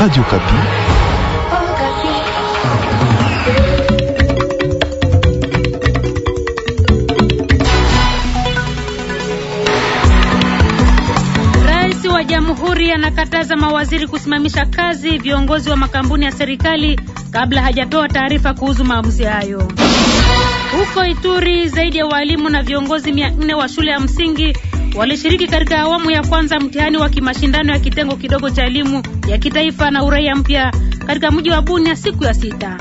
Radio Kapi. Rais wa Jamhuri anakataza mawaziri kusimamisha kazi viongozi wa makampuni ya serikali kabla hajatoa taarifa kuhusu maamuzi hayo. Huko Ituri zaidi ya walimu na viongozi mia wa shule ya msingi walishiriki katika awamu ya kwanza mtihani wa kimashindano ya kitengo kidogo cha elimu ya kitaifa na uraia mpya katika mji wa Bunia siku ya sita.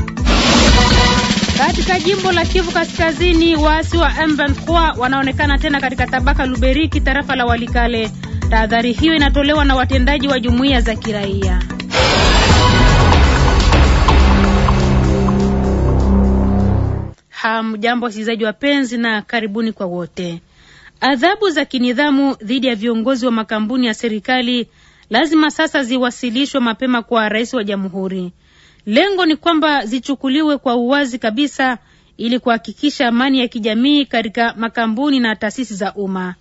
Katika jimbo la Kivu Kaskazini, waasi wa M23 wanaonekana tena katika tabaka Luberiki, tarafa la Walikale. Tahadhari hiyo inatolewa na watendaji wa jumuiya za kiraia. Hamjambo wasikilizaji wapenzi, na karibuni kwa wote. Adhabu za kinidhamu dhidi ya viongozi wa makampuni ya serikali lazima sasa ziwasilishwe mapema kwa rais wa jamhuri. Lengo ni kwamba zichukuliwe kwa uwazi kabisa ili kuhakikisha amani ya kijamii katika makampuni na taasisi za umma.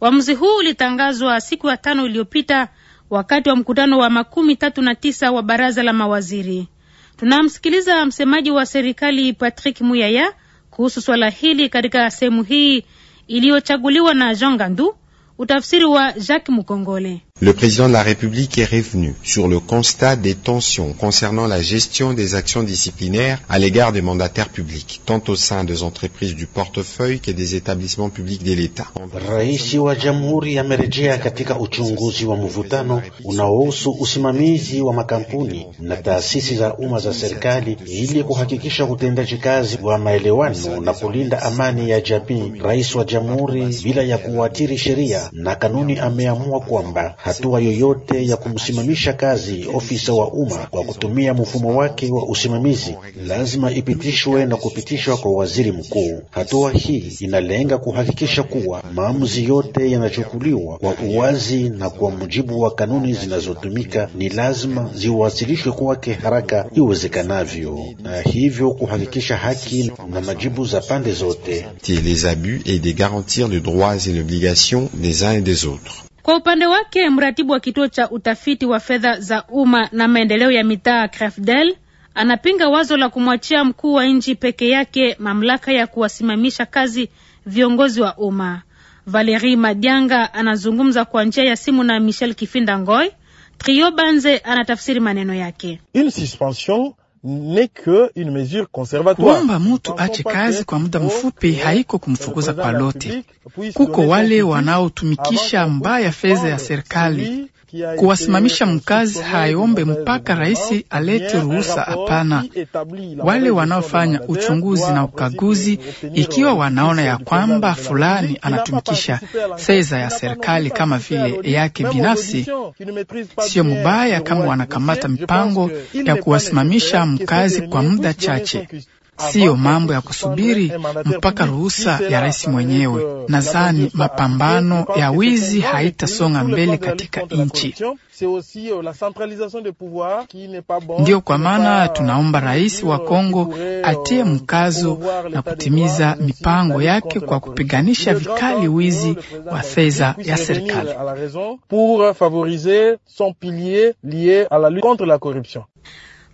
Uamuzi huu ulitangazwa siku ya tano iliyopita wakati wa mkutano wa makumi tatu na tisa wa baraza la mawaziri. Tunamsikiliza msemaji wa serikali Patrick Muyaya kuhusu swala hili katika sehemu hii iliyochaguliwa na Jean Gandu, utafsiri wa Jacques Mukongole. Le président de la République est revenu sur le constat des tensions concernant la gestion des actions disciplinaires à l'égard des mandataires publics, tant au sein des entreprises du portefeuille que des établissements publics de l'État. Raisi wa Jamhuri amerejea katika uchunguzi wa mvutano unaohusu usimamizi wa makampuni na taasisi za umma za serikali ili kuhakikisha utendaji kazi wa maelewano na kulinda amani ya jamii. Rais wa Jamhuri bila ya kuathiri sheria na kanuni ameamua kwamba hatua yoyote ya kumsimamisha kazi ofisa wa umma kwa kutumia mfumo wake wa usimamizi lazima ipitishwe na kupitishwa kwa waziri mkuu. Hatua hii inalenga kuhakikisha kuwa maamuzi yote yanachukuliwa kwa uwazi na kwa mujibu wa kanuni zinazotumika, ni lazima ziwasilishwe kwake haraka iwezekanavyo, na hivyo kuhakikisha haki na majibu za pande zote les abus et de garantir les droits et l'obligation des uns et des autres. Kwa upande wake mratibu wa kituo cha utafiti wa fedha za umma na maendeleo ya mitaa CRAFDEL anapinga wazo la kumwachia mkuu wa nchi peke yake mamlaka ya kuwasimamisha kazi viongozi wa umma. Valerie Madianga anazungumza kwa njia ya simu na Michel Kifinda Ngoy. Trio Banze anatafsiri maneno yake. Une suspension Kuomba mtu ache kazi kwa muda mfupi haiko kumfukuza kwa lote. Kuko wale wanaotumikisha mbaya fedha ya serikali, kuwasimamisha mkazi hayombe mpaka rais alete ruhusa. Hapana, wale wanaofanya uchunguzi na ukaguzi, ikiwa wanaona ya kwamba fulani anatumikisha seza ya serikali kama vile yake binafsi, sio mubaya kama wanakamata mipango ya kuwasimamisha mkazi kwa muda chache siyo mambo ya kusubiri mpaka ruhusa ya rais mwenyewe. Nadhani mapambano ya wizi haitasonga mbele katika nchi. Ndiyo kwa maana tunaomba rais wa Kongo atie mkazo na kutimiza mipango yake kwa kupiganisha vikali wizi wa fedha ya serikali.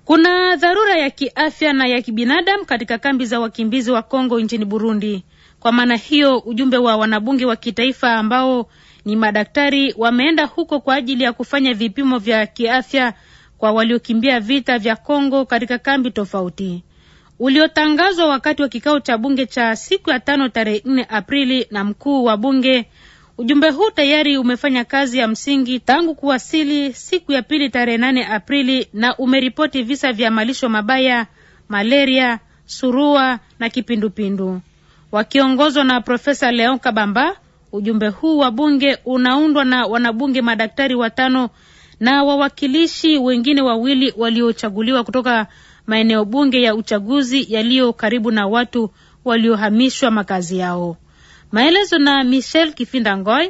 Kuna dharura ya kiafya na ya kibinadamu katika kambi za wakimbizi wa Kongo nchini Burundi. Kwa maana hiyo, ujumbe wa wanabunge wa kitaifa ambao ni madaktari wameenda huko kwa ajili ya kufanya vipimo vya kiafya kwa waliokimbia vita vya Kongo katika kambi tofauti uliotangazwa wakati wa kikao cha bunge cha siku ya tano tarehe 4 Aprili na mkuu wa bunge Ujumbe huu tayari umefanya kazi ya msingi tangu kuwasili siku ya pili tarehe nane Aprili na umeripoti visa vya malisho mabaya, malaria, surua na kipindupindu. Wakiongozwa na Profesa Leon Kabamba, ujumbe huu wa bunge unaundwa na wanabunge madaktari watano na wawakilishi wengine wawili waliochaguliwa kutoka maeneo bunge ya uchaguzi yaliyo karibu na watu waliohamishwa makazi yao. Maelezo na Michel Kifinda Ngoy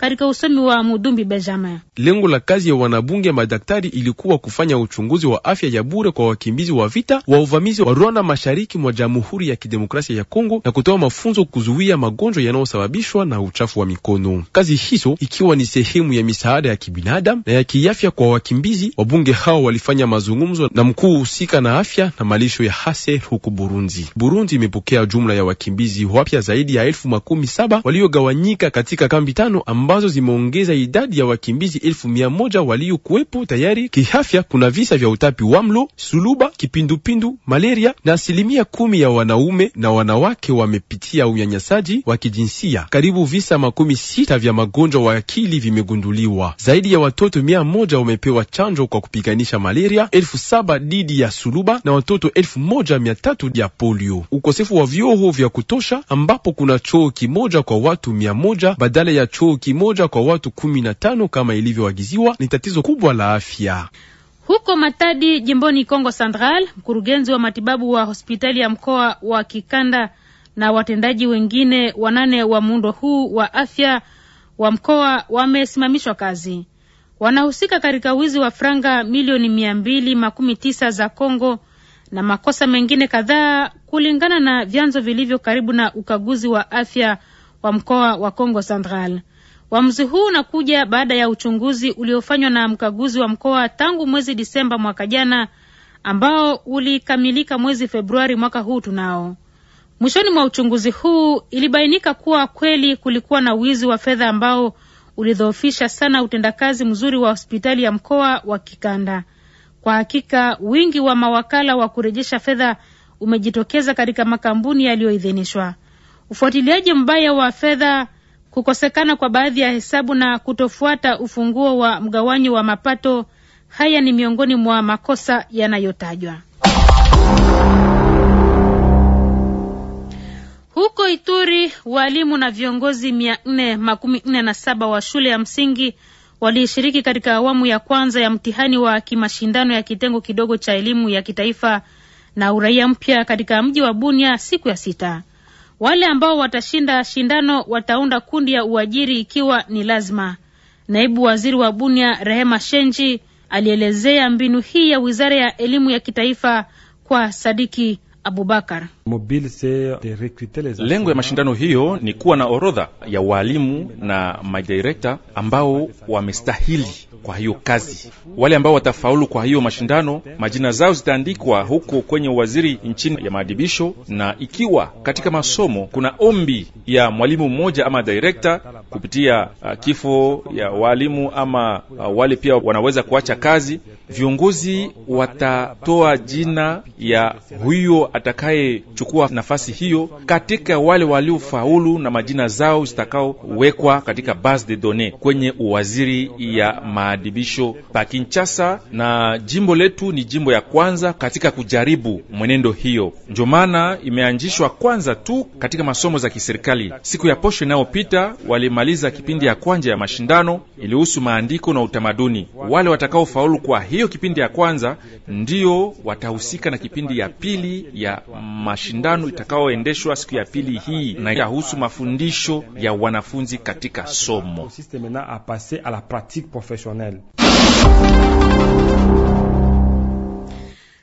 katika usemi wa Mudumbi Benjamin. Lengo la kazi ya wanabunge madaktari ilikuwa kufanya uchunguzi wa afya ya bure kwa wakimbizi wa vita wa uvamizi wa Rwanda mashariki mwa Jamhuri ya Kidemokrasia ya Kongo na kutoa mafunzo kuzuia magonjwa yanayosababishwa na uchafu wa mikono. Kazi hizo ikiwa ni sehemu ya misaada ya kibinadamu na ya kiafya kwa wakimbizi. Wabunge hao walifanya mazungumzo na mkuu husika na afya na malisho ya Hase huku Burundi. Burundi imepokea jumla ya wakimbizi wapya zaidi ya elfu makumi saba waliogawanyika katika kambi tano ambazo zimeongeza idadi ya wakimbizi elfu mia moja waliokuwepo tayari kiafya. Kuna visa vya utapi wa mlo, suluba, kipindupindu, malaria na asilimia kumi ya wanaume na wanawake wamepitia unyanyasaji wa kijinsia. Karibu visa makumi sita vya magonjwa wa akili vimegunduliwa. Zaidi ya watoto mia moja wamepewa chanjo kwa kupiganisha malaria, elfu saba dhidi ya suluba na watoto elfu moja mia tatu ya polio. Ukosefu wa vyoo vya kutosha ambapo kuna choo kimoja kwa watu mia moja badala ya choo kimoja moja kwa watu kumi na tano kama ilivyoagiziwa ni tatizo kubwa la afya. Huko Matadi jimboni congo Central, mkurugenzi wa matibabu wa hospitali ya mkoa wa Kikanda na watendaji wengine wanane wa muundo huu wa afya wa mkoa wamesimamishwa kazi. Wanahusika katika wizi wa franga milioni mia mbili makumi tisa za congo na makosa mengine kadhaa, kulingana na vyanzo vilivyo karibu na ukaguzi wa afya wa mkoa wa congo Central. Uamuzi huu unakuja baada ya uchunguzi uliofanywa na mkaguzi wa mkoa tangu mwezi Disemba mwaka jana ambao ulikamilika mwezi Februari mwaka huu tunao. Mwishoni mwa uchunguzi huu ilibainika kuwa kweli kulikuwa na wizi wa fedha ambao ulidhoofisha sana utendakazi mzuri wa hospitali ya mkoa wa kikanda. Kwa hakika, wingi wa mawakala wa kurejesha fedha umejitokeza katika makampuni yaliyoidhinishwa. Ufuatiliaji mbaya wa fedha kukosekana kwa baadhi ya hesabu na kutofuata ufunguo wa mgawanyo wa mapato. Haya ni miongoni mwa makosa yanayotajwa. Huko Ituri, walimu na viongozi mia nne makumi nne na saba wa shule ya msingi walishiriki katika awamu ya kwanza ya mtihani wa kimashindano ya kitengo kidogo cha elimu ya kitaifa na uraia mpya katika mji wa Bunia siku ya sita. Wale ambao watashinda shindano wataunda kundi ya uajiri ikiwa ni lazima. Naibu waziri wa Bunia Rehema Shenji alielezea mbinu hii ya wizara ya elimu ya kitaifa kwa Sadiki Abubakar. Lengo ya mashindano hiyo ni kuwa na orodha ya waalimu na madirekta ambao wamestahili kwa hiyo kazi. Wale ambao watafaulu kwa hiyo mashindano, majina zao zitaandikwa huko kwenye waziri nchini ya maadibisho, na ikiwa katika masomo kuna ombi ya mwalimu mmoja ama direkta kupitia uh, kifo ya waalimu ama uh, wale pia wanaweza kuacha kazi, viongozi watatoa jina ya huyo atakaye kuchukua nafasi hiyo katika wale waliofaulu na majina zao zitakaowekwa katika base de données kwenye uwaziri ya maadibisho pa Kinshasa, na jimbo letu ni jimbo ya kwanza katika kujaribu mwenendo hiyo. Ndio maana imeanzishwa kwanza tu katika masomo za kiserikali. Siku ya posho inayopita walimaliza kipindi ya kwanza ya mashindano ilihusu maandiko na utamaduni. Wale watakaofaulu kwa hiyo kipindi ya kwanza ndio watahusika na kipindi ya pili ya mashindano mashindano itakaoendeshwa siku ya pili hii na yahusu mafundisho ya wanafunzi katika somo.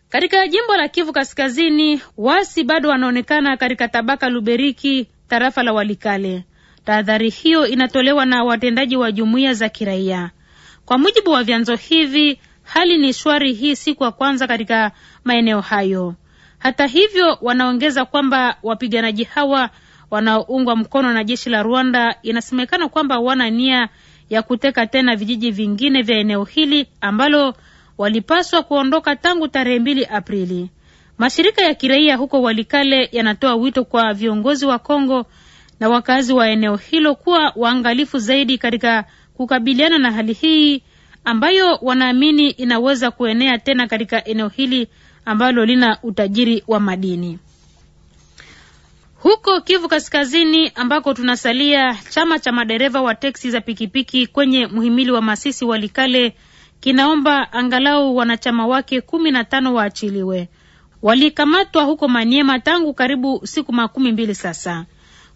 Katika jimbo la Kivu Kaskazini, wasi bado wanaonekana katika tabaka Luberiki, tarafa la Walikale. Tahadhari hiyo inatolewa na watendaji wa jumuiya za kiraia. Kwa mujibu wa vyanzo hivi, hali ni shwari hii siku ya kwanza katika maeneo hayo. Hata hivyo, wanaongeza kwamba wapiganaji hawa wanaoungwa mkono na jeshi la Rwanda inasemekana kwamba wana nia ya kuteka tena vijiji vingine vya eneo hili ambalo walipaswa kuondoka tangu tarehe mbili Aprili. Mashirika ya kiraia huko Walikale yanatoa wito kwa viongozi wa Kongo na wakazi wa eneo hilo kuwa waangalifu zaidi katika kukabiliana na hali hii ambayo wanaamini inaweza kuenea tena katika eneo hili ambalo lina utajiri wa madini. Huko Kivu Kaskazini ambako tunasalia, chama cha madereva wa teksi za pikipiki kwenye mhimili wa Masisi Walikale kinaomba angalau wanachama wake kumi na tano waachiliwe. Walikamatwa huko Maniema tangu karibu siku makumi mbili sasa,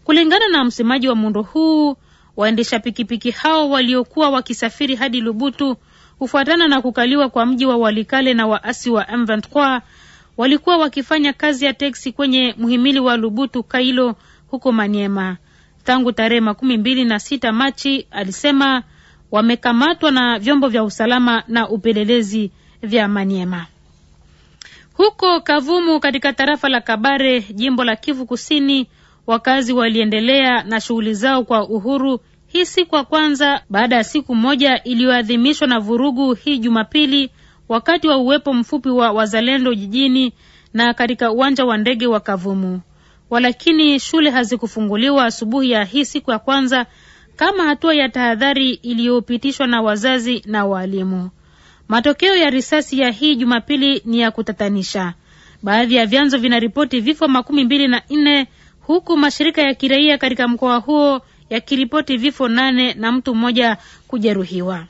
kulingana na msemaji wa muundo huu. Waendesha pikipiki hao waliokuwa wakisafiri hadi Lubutu kufuatana na kukaliwa kwa mji wa Walikale na waasi wa M23 walikuwa wakifanya kazi ya teksi kwenye mhimili wa Lubutu Kailo huko Maniema tangu tarehe makumi mbili na sita Machi, alisema wamekamatwa na vyombo vya usalama na upelelezi vya Maniema. Huko Kavumu katika tarafa la Kabare, jimbo la Kivu Kusini, wakazi waliendelea na shughuli zao kwa uhuru hii si kwa kwanza baada ya siku moja iliyoadhimishwa na vurugu hii Jumapili wakati wa uwepo mfupi wa wazalendo jijini na katika uwanja wa ndege wa Kavumu. Walakini shule hazikufunguliwa asubuhi ya hii siku ya kwanza kama hatua ya tahadhari iliyopitishwa na wazazi na waalimu. Matokeo ya risasi ya hii Jumapili ni ya kutatanisha. Baadhi ya vyanzo vinaripoti vifo makumi mbili na nne huku mashirika ya kiraia katika mkoa huo yakiripoti vifo nane na mtu mmoja kujeruhiwa.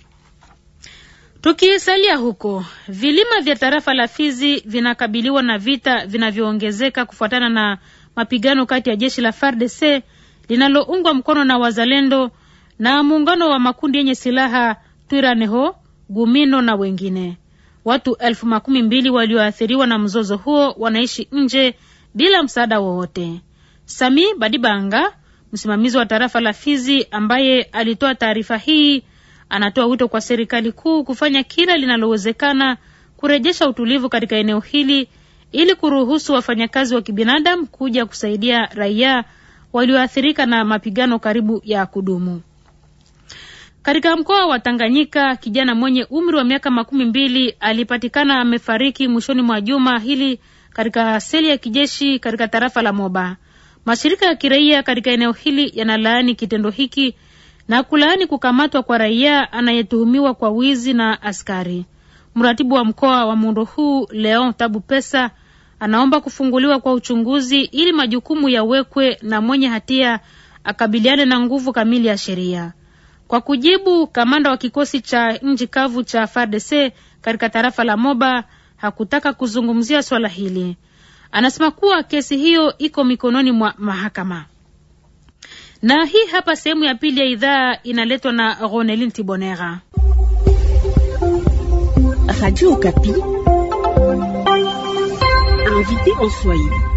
Tukisalia huko, vilima vya tarafa la Fizi vinakabiliwa na vita vinavyoongezeka kufuatana na mapigano kati ya jeshi la FARDC linaloungwa mkono na wazalendo na muungano wa makundi yenye silaha Twiraneho, Gumino na wengine. Watu elfu makumi mbili walioathiriwa na mzozo huo wanaishi nje bila msaada wowote. Sami Badibanga Msimamizi wa tarafa la Fizi ambaye alitoa taarifa hii anatoa wito kwa serikali kuu kufanya kila linalowezekana kurejesha utulivu katika eneo hili ili kuruhusu wafanyakazi wa kibinadamu kuja kusaidia raia walioathirika na mapigano karibu ya kudumu. Katika mkoa wa Tanganyika, kijana mwenye umri wa miaka makumi mbili alipatikana amefariki mwishoni mwa juma hili katika seli ya kijeshi katika tarafa la Moba. Mashirika ya kiraia katika eneo hili yanalaani kitendo hiki na kulaani kukamatwa kwa raia anayetuhumiwa kwa wizi na askari. Mratibu wa mkoa wa muundo huu Leon Tabu Pesa anaomba kufunguliwa kwa uchunguzi ili majukumu yawekwe na mwenye hatia akabiliane na nguvu kamili ya sheria. Kwa kujibu, kamanda wa kikosi cha nchi kavu cha FARDC katika tarafa la Moba hakutaka kuzungumzia swala hili anasema kuwa kesi hiyo iko mikononi mwa mahakama. Na hii hapa sehemu ya pili ya idhaa inaletwa na Ronelin Tibonera. Radio Okapi. Invité en Swahili.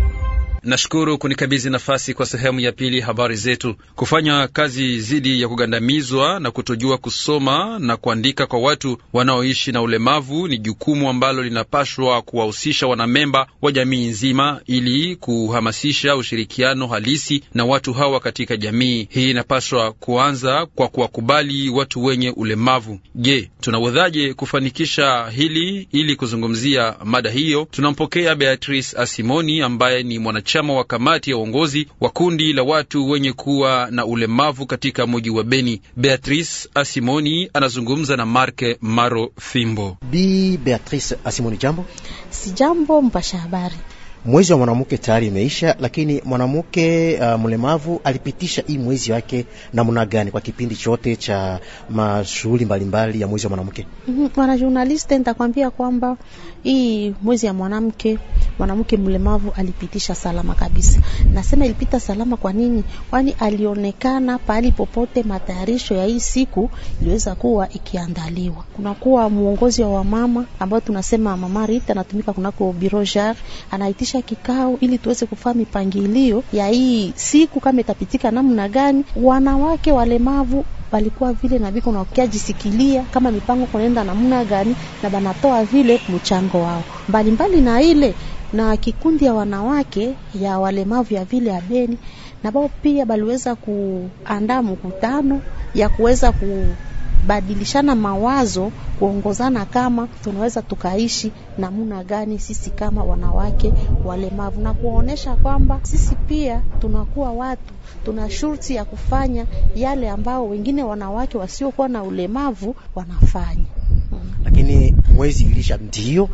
Nashukuru kunikabidhi nafasi kwa sehemu ya pili habari zetu. Kufanya kazi dhidi ya kugandamizwa na kutojua kusoma na kuandika kwa watu wanaoishi na ulemavu ni jukumu ambalo linapashwa kuwahusisha wanamemba wa jamii nzima, ili kuhamasisha ushirikiano halisi na watu hawa katika jamii hii. Inapaswa kuanza kwa kuwakubali watu wenye ulemavu. Je, tunawezaje kufanikisha hili? Ili kuzungumzia mada hiyo, tunampokea Beatrice Asimoni ambaye ni mwanachama wanachama wa kamati ya uongozi wa kundi la watu wenye kuwa na ulemavu katika mji wa Beni. Beatrice Asimoni anazungumza na Marke Maro Fimbo. Bi Beatrice Asimoni, jambo. Si jambo mpasha habari mwezi wa mwanamke tayari imeisha, lakini mwanamke uh, mlemavu alipitisha hii mwezi wake namna gani kwa kipindi chote cha mashughuli mbalimbali ya mwezi wa mwanamke? Mhm, bwana journalist, nitakwambia kwamba hii mwezi ya mwanamke mwanamke mlemavu alipitisha salama kabisa. Nasema ilipita salama kwa nini? Kwani alionekana pahali popote, matayarisho ya hii siku iliweza kuwa ikiandaliwa. Kunakuwa muongozi wa wamama ambao tunasema mama Rita anatumika kunako birojar anaitisha kuanzisha kikao ili tuweze kufaa mipangilio ya hii siku kama itapitika namna gani. Wanawake walemavu balikuwa vile na biko nawakiajisikilia kama mipango kunaenda namna gani, na banatoa vile mchango wao mbalimbali na ile na kikundi ya wanawake ya walemavu ya vile ya Beni na bao pia baliweza kuandaa mkutano ya kuweza ku badilishana mawazo, kuongozana kama tunaweza tukaishi namna gani sisi kama wanawake walemavu, na kuonesha kwamba sisi pia tunakuwa watu, tuna shurti ya kufanya yale ambao wengine wanawake wasiokuwa na ulemavu wanafanya. Lakini mwezi ilisha ndio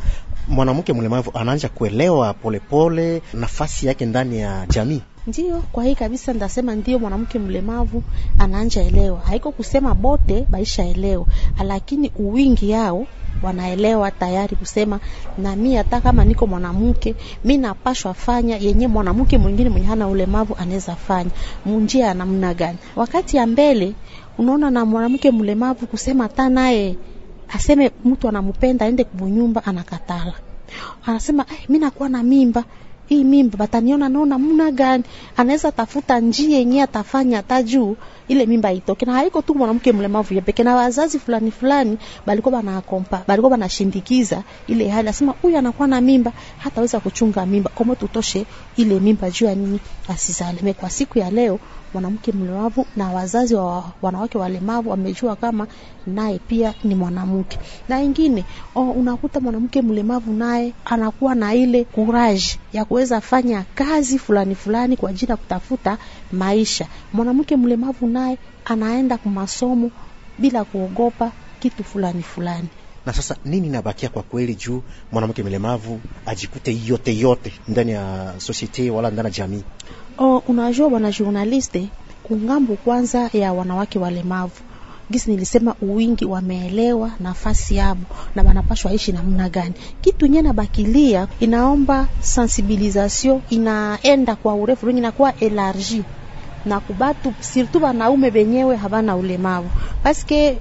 mwanamke mlemavu anaanza kuelewa polepole nafasi yake ndani ya jamii. Ndio, kwa hii kabisa ndasema ndio, mwanamke mlemavu anaanja elewa, haiko kusema bote baisha elewa, lakini uwingi yao wanaelewa tayari kusema na mimi hata kama niko mwanamke mi napashwa fanya yenye mwanamke mwingine mwenye hana ulemavu anaweza fanya munjia ya namna gani? Wakati ya mbele unaona, na mwanamke mlemavu kusema hata naye aseme mtu anampenda aende kubunyumba anakatala, anasema eh, mimi nakuwa na mimba hii mimba bataniona naona muna gani, anaweza tafuta njia yenye atafanya hata juu ile mimba itoke. Na haiko tu mwanamke mlemavu ya pekee, na wazazi fulani fulani balikuwa banakompa, balikuwa banashindikiza ile hali, asema huyu anakuwa na mimba, hataweza kuchunga mimba, komo tutoshe ile mimba juu ya nini asizalime. Kwa siku ya leo mwanamke mlemavu na wazazi wa wanawake walemavu wamejua kama naye pia ni mwanamke. Na ingine o, unakuta mwanamke mlemavu naye anakuwa na ile kuraji ya kuweza fanya kazi fulani fulani kwa ajili ya kutafuta maisha. Mwanamke mlemavu naye anaenda kwa masomo bila kuogopa kitu fulani fulani. Na sasa nini inabakia kwa kweli juu mwanamke mlemavu ajikute yote yote ndani ya sosiete wala ndani ya jamii? Oh, unajua bwana journaliste, kungambo kwanza ya wanawake walemavu gisi nilisema uwingi wameelewa nafasi yabo na wanapashwa ishi namna gani. Kitu nye na bakilia inaomba sensibilisation inaenda kwa urefu wengi na kwa elargi na kubatu sirtu wanaume benyewe habana ulemavu paske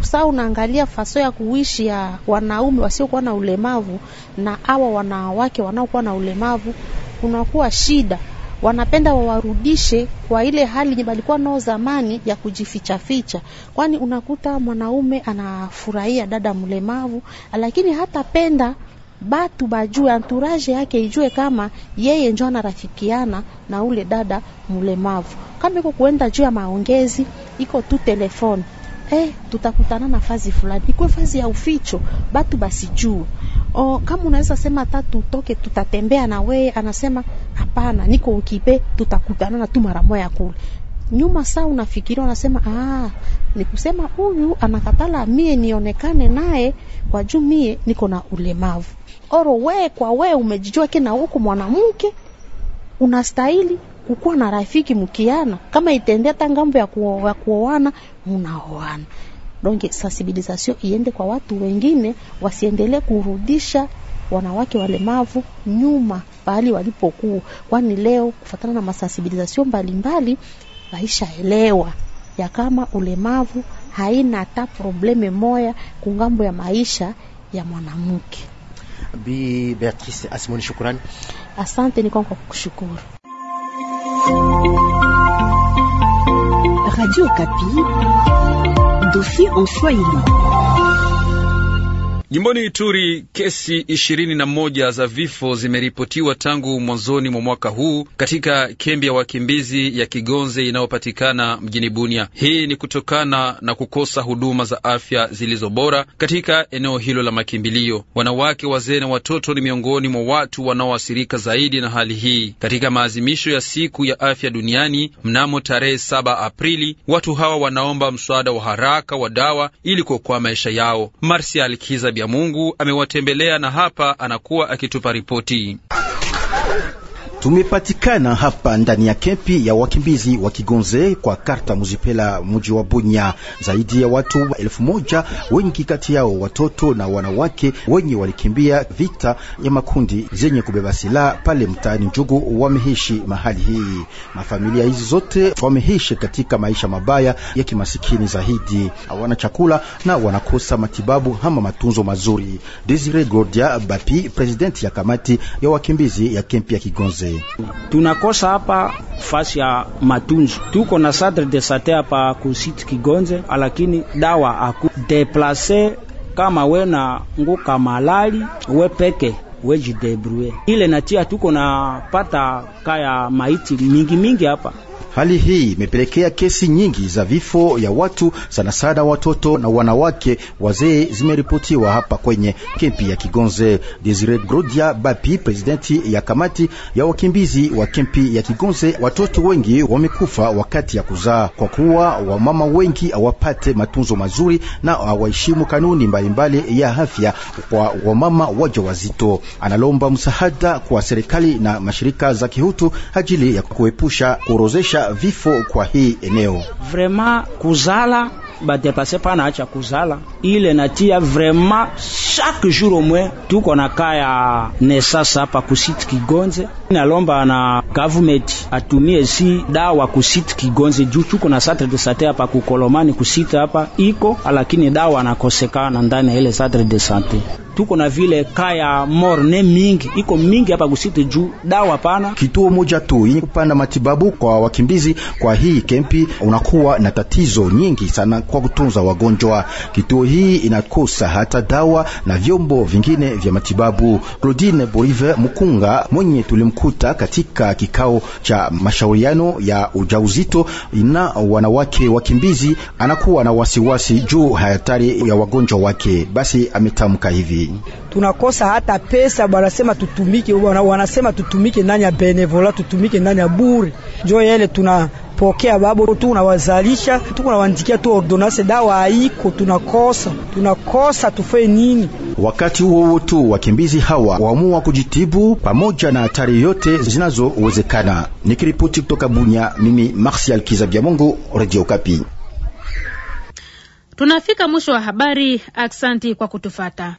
saa unaangalia faso ya kuishi ya wanaume wasiokuwa na ulemavu na awa wanawake wanaokuwa na ulemavu, kunakuwa shida wanapenda wawarudishe kwa ile hali yenye balikuwa nao zamani ya kujifichaficha, kwani unakuta mwanaume anafurahia dada mlemavu, lakini hatapenda batu bajue anturaje yake ijue kama yeye njo anarafikiana na ule dada mlemavu. Kama iko kuenda juu ya maongezi, iko tu telefoni eh, tutakutana na fazi fulani, ikuwe fazi ya uficho, batu basijue. O, oh, kama unaweza sema tatu utoke, tutatembea na wewe, anasema Hapana, niko ukipe, tutakutana na tu mara moja kule nyuma. Saa unafikiri unasema, ah, ni kusema huyu anakatala mie nionekane naye kwa juu mie niko na ulemavu. Oro we kwa we umejijua kena huku mwanamke unastahili kukuwa na rafiki mkiana, kama itendea ta ngambo ya kuoa kuoana munaoana. Donge sensibilisation iende kwa watu wengine, wasiendelee kurudisha wanawake walemavu nyuma pahali walipokuwa, kwani leo kufatana na masansibilizasio mbalimbali waishaelewa ya kama ulemavu haina hata probleme moya kungambo ya maisha ya mwanamke. Bi Beatrice Asimoni, shukrani. Asante nikon kwa kukushukuru. Radio Kapi, dossier en Swahili. Jimboni Ituri, kesi ishirini na moja za vifo zimeripotiwa tangu mwanzoni mwa mwaka huu katika kambi ya wakimbizi ya Kigonze inayopatikana mjini Bunia. Hii ni kutokana na kukosa huduma za afya zilizo bora katika eneo hilo la makimbilio. Wanawake, wazee na watoto ni miongoni mwa watu wanaoathirika zaidi na hali hii. Katika maazimisho ya siku ya afya duniani mnamo tarehe 7 Aprili, watu hawa wanaomba msaada wa haraka wa dawa ili kuokoa maisha yao. Marsial ya Mungu amewatembelea na hapa anakuwa akitupa ripoti. Tumepatikana hapa ndani ya kempi ya wakimbizi wa Kigonze kwa karta muzipela mji wa Bunya. Zaidi ya watu elfu moja, wengi kati yao watoto na wanawake wenye walikimbia vita ya makundi zenye kubeba silaha pale mtaani Njugu, wameishi mahali hii. Mafamilia hizi zote wameishi katika maisha mabaya ya kimasikini zaidi, hawana chakula na wanakosa matibabu ama matunzo mazuri. Desire Gordia Bapi, presidenti ya kamati ya wakimbizi ya kempi ya Kigonze yeye. Tunakosa hapa fasi ya matunzo, tuko na sadre de sate hapa kusiti Kigonze, lakini dawa aku deplase kama we na nguka malali we peke wejidebrue ile natia, tuko na pata kaya maiti mingi mingi hapa Hali hii imepelekea kesi nyingi za vifo ya watu sana sana watoto na wanawake wazee zimeripotiwa hapa kwenye kempi ya Kigonze. Desire Grodia Bapi, presidenti ya kamati ya wakimbizi wa kempi ya Kigonze, watoto wengi wamekufa wakati ya kuzaa kwa kuwa wamama wengi hawapate matunzo mazuri na hawaheshimu kanuni mbalimbali mbali ya afya kwa wamama waja wazito Analomba msaada kwa serikali na mashirika za kihutu ajili ya kuepusha kuorozesha vifo kwa hii eneo. Vrema kuzala badepase pana acha kuzala ile natia vrema chaque jour au moins tuko na kaya ne sasa hapa kusiti Kigonze nalomba na government atumie si dawa kusiti kigonzi juu chuko na centre de sante hapa kukolomani kusita hapa iko, lakini dawa anakosekana ndani ya ile centre de sante tuko na vile kaya morne mingi iko mingi hapa kusite juu dawa pana. Kituo moja tu yenye kupanda matibabu kwa wakimbizi kwa hii kempi, unakuwa na tatizo nyingi sana kwa kutunza wagonjwa. Kituo hii inakosa hata dawa na vyombo vingine vya matibabu. Claudine Borive Mukunga mwenye tulimku tumekuta katika kikao cha mashauriano ya ujauzito na wanawake wakimbizi, anakuwa na wasiwasi juu hatari ya wagonjwa wake. Basi ametamka hivi: tunakosa hata pesa, wanasema tutumike, wanasema tutumike ndani ya benevola, tutumike ndani ya bure, njo yele tuna tunapokea babo tu unawazalisha tu unawandikia tu ordonance, dawa haiko, tunakosa tunakosa, tufanye nini? Wakati huo tu wakimbizi hawa waamua kujitibu pamoja na hatari yote zinazowezekana. Nikiripoti kutoka Bunya, mimi Martial Kizabia Mungu, Radio Kapi. Tunafika mwisho wa habari. Aksanti kwa kutufata.